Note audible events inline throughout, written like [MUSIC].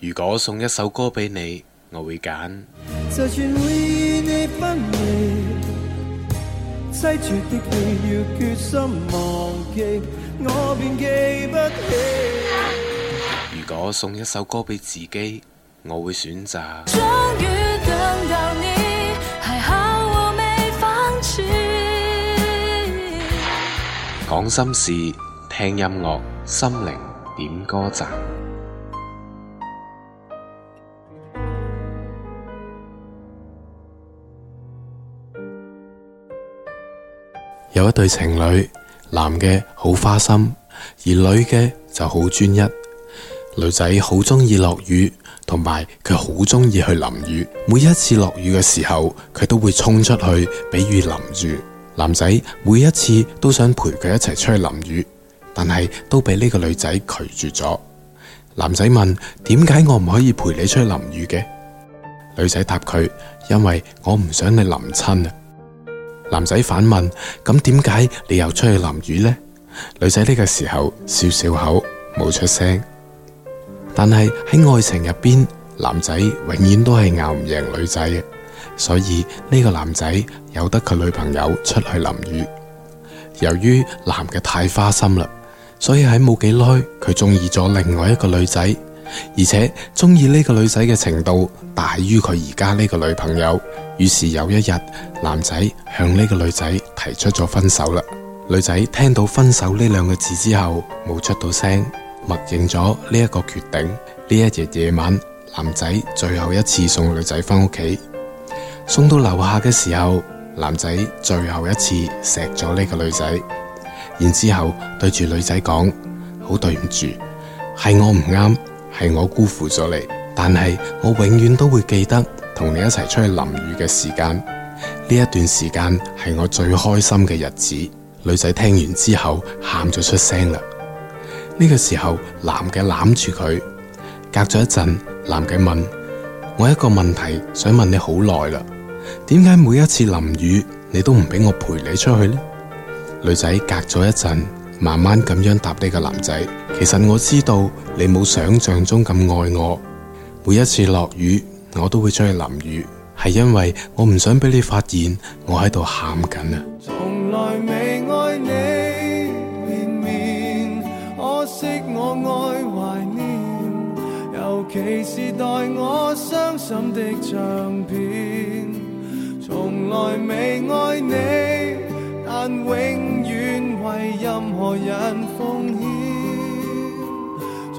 如果送一首歌俾你，我會揀。如果送一首歌俾自己，我會選擇。終於等到你，還好我沒放棄。講心事，聽音樂，心靈點歌站。有一對情侶，男嘅好花心，而女嘅就好專一。女仔好中意落雨，同埋佢好中意去淋雨。每一次落雨嘅時候，佢都會衝出去俾雨淋住。男仔每一次都想陪佢一齊出去淋雨，但係都俾呢個女仔拒絕咗。男仔問：點解我唔可以陪你出去淋雨嘅？女仔答佢：因為我唔想你淋親啊。男仔反問：咁點解你又出去淋雨呢？女仔呢個時候笑笑口，冇出聲。但係喺愛情入邊，男仔永遠都係拗唔贏女仔嘅，所以呢個男仔由得佢女朋友出去淋雨。由於男嘅太花心啦，所以喺冇幾耐，佢中意咗另外一個女仔，而且中意呢個女仔嘅程度大於佢而家呢個女朋友。於是有一日，男仔向呢個女仔提出咗分手啦。女仔聽到分手呢兩個字之後，冇出到聲，默認咗呢一個決定。呢一日夜晚，男仔最後一次送女仔翻屋企，送到樓下嘅時候，男仔最後一次錫咗呢個女仔，然之後對住女仔講：好對唔住，係我唔啱，係我辜負咗你，但係我永遠都會記得，同你一齊出去淋雨嘅時間，呢一段時間係我最開心嘅日子。女仔聽完之後，喊咗出聲啦。呢個時候，男嘅攬住佢。隔咗一陣，男嘅問：我一個問題想問你好耐啦，點解每一次淋雨你都唔俾我陪你出去呢？女仔隔咗一陣，慢慢咁樣答呢個男仔：其實我知道你冇想象中咁愛我，每一次落雨。我都會出去淋雨，係因為我唔想俾你發現我喺度喊緊啊！從來未愛你，綿綿可惜我愛懷念，尤其是代我傷心的唱片。從來未愛你，但永遠為任何人奉獻。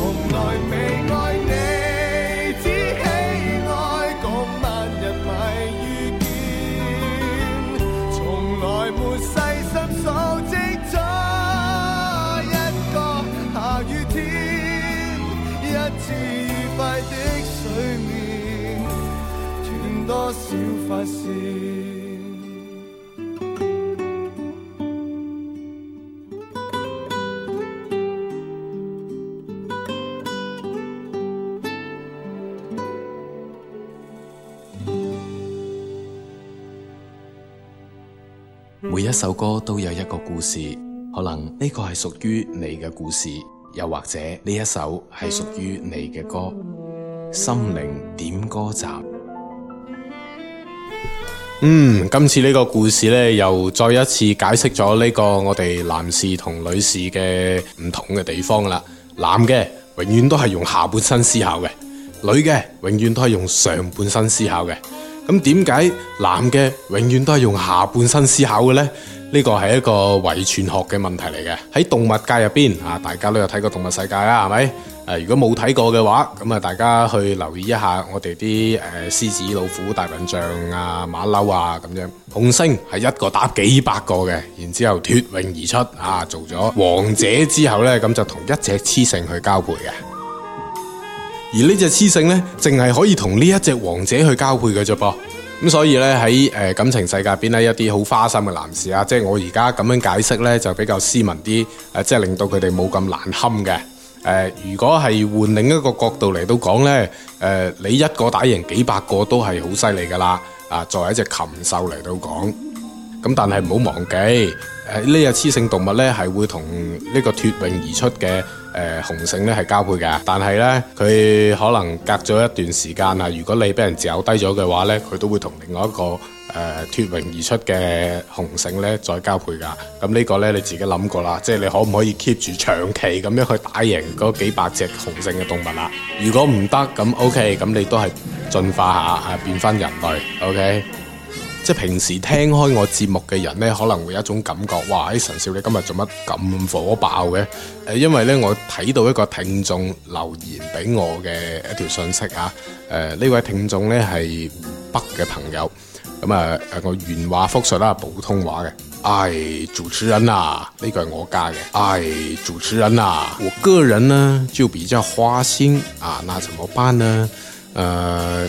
從來未愛你，只喜愛。共萬人迷遇見，從來沒細心收集，一個下雨天，一次愉快的睡眠，斷多少髮線。每一首歌都有一個故事，可能呢個係屬於你嘅故事，又或者呢一首係屬於你嘅歌。心靈點歌集。嗯，今次呢個故事咧，又再一次解釋咗呢個我哋男士同女士嘅唔同嘅地方啦。男嘅永遠都係用下半身思考嘅，女嘅永遠都係用上半身思考嘅。咁點解男嘅永遠都係用下半身思考嘅呢？呢個係一個遺傳學嘅問題嚟嘅。喺動物界入邊啊，大家都有睇過動物世界啦，係咪？誒，如果冇睇過嘅話，咁啊，大家去留意一下我哋啲誒獅子、老虎、大笨象啊、馬騮啊咁樣。雄性係一個打幾百個嘅，然之後脫穎而出啊，做咗王者之後呢，咁就同一隻雌性去交配嘅。而呢隻雌性呢，淨係可以同呢一隻王者去交配嘅啫噃。咁所以呢，喺誒、呃、感情世界邊呢，一啲好花心嘅男士啊，即係我而家咁樣解釋呢，就比較斯文啲，誒、啊、即係令到佢哋冇咁難堪嘅。誒、啊，如果係換另一個角度嚟到講呢，誒、啊、你一個打贏幾百個都係好犀利噶啦。啊，作為一隻禽獸嚟到講，咁、啊、但係唔好忘記，誒呢隻雌性動物呢，係會同呢個脱穎而出嘅。誒，雄性咧係交配嘅，但係咧佢可能隔咗一段時間啊。如果你俾人嚼低咗嘅話咧，佢都會同另外一個誒脫穎而出嘅雄性咧再交配噶。咁呢個咧你自己諗過啦，即係你可唔可以 keep 住長期咁樣去打贏嗰幾百隻雄性嘅動物啦？如果唔得咁，OK，咁你都係進化下啊，變翻人類，OK。即係平時聽開我節目嘅人咧，可能會有一種感覺，哇！喺、哎，神少,你今日做乜咁火爆嘅？誒，因為咧我睇到一個聽眾留言俾我嘅一條信息啊，誒、呃，呢位聽眾咧係北嘅朋友，咁啊我原話複述啦，普通話嘅，唉、哎，主持人啊，呢、這個係我家嘅，唉、哎，主持人啊，我個人呢就比較花心啊，那怎麼辦呢？誒、啊。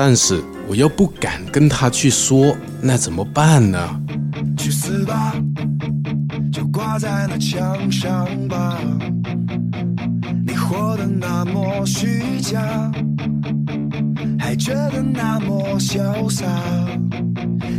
但是我又不敢跟他去說，那怎麼辦呢？去死吧，就掛在那牆上吧。你活得那麼虛假，還覺得那麼瀟灑，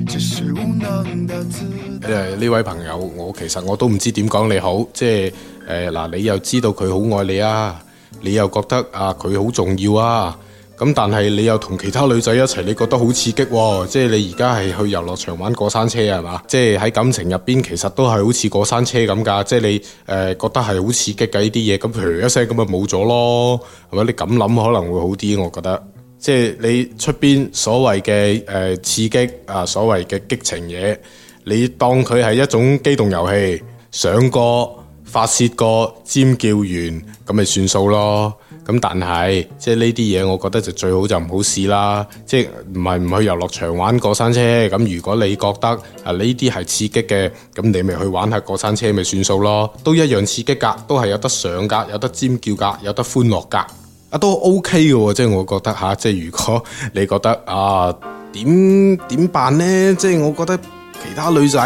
只是無能的自己。誒，呢 [NOISE] 位朋友，我其實我都唔知點講你好，即係誒嗱，你又知道佢好愛你啊，你又覺得啊佢好重要啊。咁但係你又同其他女仔一齊，你覺得好刺激喎、哦？即係你而家係去遊樂場玩過山車係嘛？即係喺感情入邊，其實都係好似過山車咁噶。即係你誒、呃、覺得係好刺激嘅呢啲嘢，譬如一聲咁咪冇咗咯，係咪？你咁諗可能會好啲，我覺得。即係你出邊所謂嘅誒、呃、刺激啊，所謂嘅激情嘢，你當佢係一種機動遊戲上過。發洩過尖叫完，咁咪算數咯。咁但係，即係呢啲嘢，我覺得就最好就唔好試啦。即係唔係唔去遊樂場玩過山車？咁如果你覺得啊呢啲係刺激嘅，咁你咪去玩下過山車咪算數咯。都一樣刺激噶，都係有得上噶，有得尖叫噶，有得歡樂噶。啊，都 OK 噶喎，即係我覺得吓，即係如果你覺得啊，點點辦呢？即係我覺得其他女仔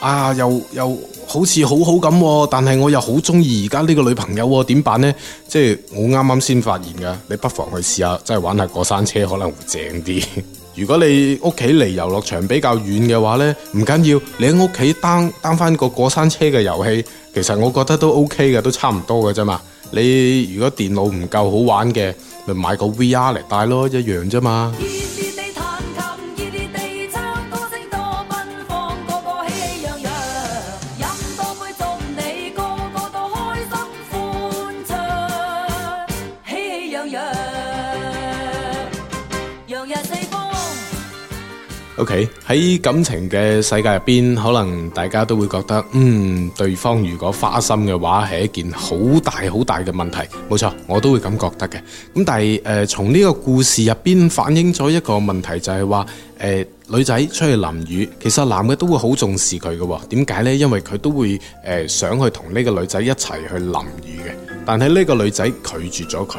啊，又又。好似好好咁，但係我又好中意而家呢個女朋友，點辦呢？即係我啱啱先發現噶，你不妨去試下，真係玩下過山車，可能會正啲。 [LAUGHS] 如果你屋企離遊樂場比較遠嘅話呢，唔緊要，你喺屋企單單翻個過山車嘅遊戲，其實我覺得都 OK 噶，都差唔多噶啫嘛。你如果電腦唔夠好玩嘅，咪買個 VR 嚟帶咯，一樣啫嘛。O.K. 喺感情嘅世界入邊，可能大家都會覺得，嗯，對方如果花心嘅話，係一件好大好大嘅問題。冇錯，我都會咁覺得嘅。咁但係誒、從、呃、呢個故事入邊反映咗一個問題就，就係話，誒，女仔出去淋雨，其實男嘅都會好重視佢嘅、哦。點解呢？因為佢都會誒、呃、想去同呢個女仔一齊去淋雨嘅。但係呢個女仔拒絕咗佢。誒、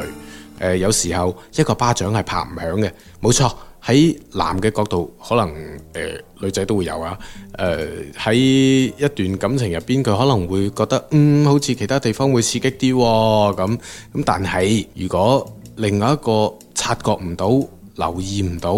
呃，有時候一個巴掌係拍唔響嘅。冇錯。喺男嘅角度，可能誒、呃、女仔都會有啊。誒、呃、喺一段感情入邊，佢可能會覺得，嗯，好似其他地方會刺激啲喎、哦。咁咁，但係如果另外一個察覺唔到、留意唔到，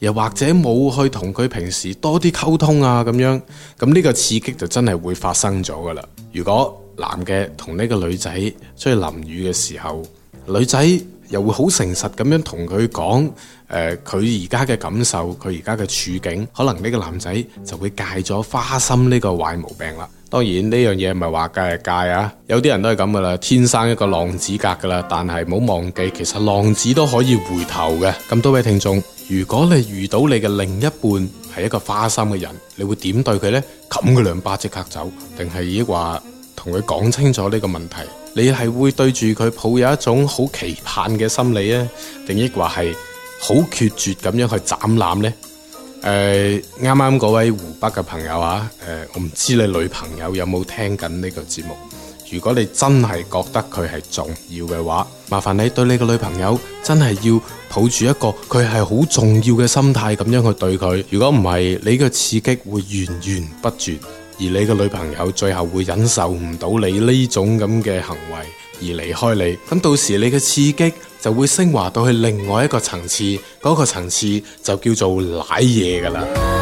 又或者冇去同佢平時多啲溝通啊，咁樣，咁呢個刺激就真係會發生咗㗎喇。如果男嘅同呢個女仔出去淋雨嘅時候，女仔又會好誠實咁樣同佢講。誒，佢而家嘅感受，佢而家嘅處境，可能呢個男仔就會戒咗花心呢個壞毛病啦。當然呢樣嘢唔係話戒就戒啊，有啲人都係咁噶啦，天生一個浪子格噶啦。但係唔好忘記，其實浪子都可以回頭嘅。咁多位聽眾，如果你遇到你嘅另一半係一個花心嘅人，你會點對佢呢？冚佢兩巴即刻走，定係抑話同佢講清楚呢個問題？你係會對住佢抱有一種好期盼嘅心理啊？定亦話係？好決絕咁樣去斬纜呢？誒、呃，啱啱嗰位湖北嘅朋友啊，誒、呃，我唔知你女朋友有冇聽緊呢個節目。如果你真係覺得佢係重要嘅話，麻煩你對你嘅女朋友真係要抱住一個佢係好重要嘅心態，咁樣去對佢。如果唔係，你嘅刺激會源源不絕，而你嘅女朋友最後會忍受唔到你呢種咁嘅行為。而離開你，咁到時你嘅刺激就會升華到去另外一個層次，嗰、嗰個層次就叫做舐嘢㗎啦。